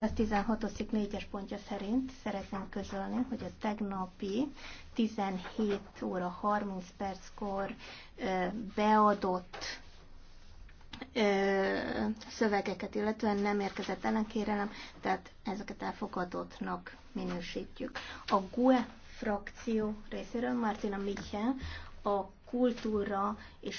A 16. 4-es pontja szerint szeretném közölni, hogy a tegnapi 17 óra 30 perckor beadott szövegeket, illetően nem érkezett ellenkérelem, tehát ezeket elfogadottnak minősítjük. A GUE frakció részéről Martina Michel a kultúra és